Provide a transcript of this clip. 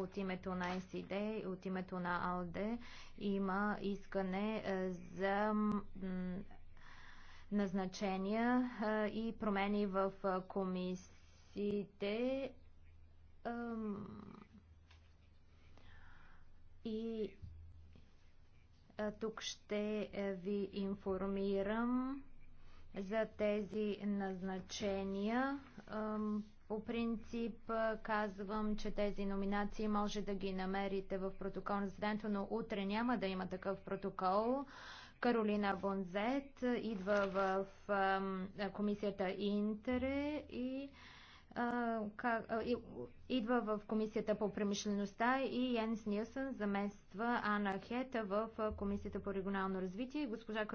от името на СИД и от името на АЛДЕ има искане е, за назначения е, и промени в е, комисиите и тук ще ви информирам за тези назначения. По принцип казвам, че тези номинации може да ги намерите в протокол на заседанието, но утре няма да има такъв протокол. Каролина Бонзет идва в комисията Интере и идва в комисията по премишлеността и Йенс Нилсън замества Ана Хета в комисията по регионално развитие. Госпожа Каролина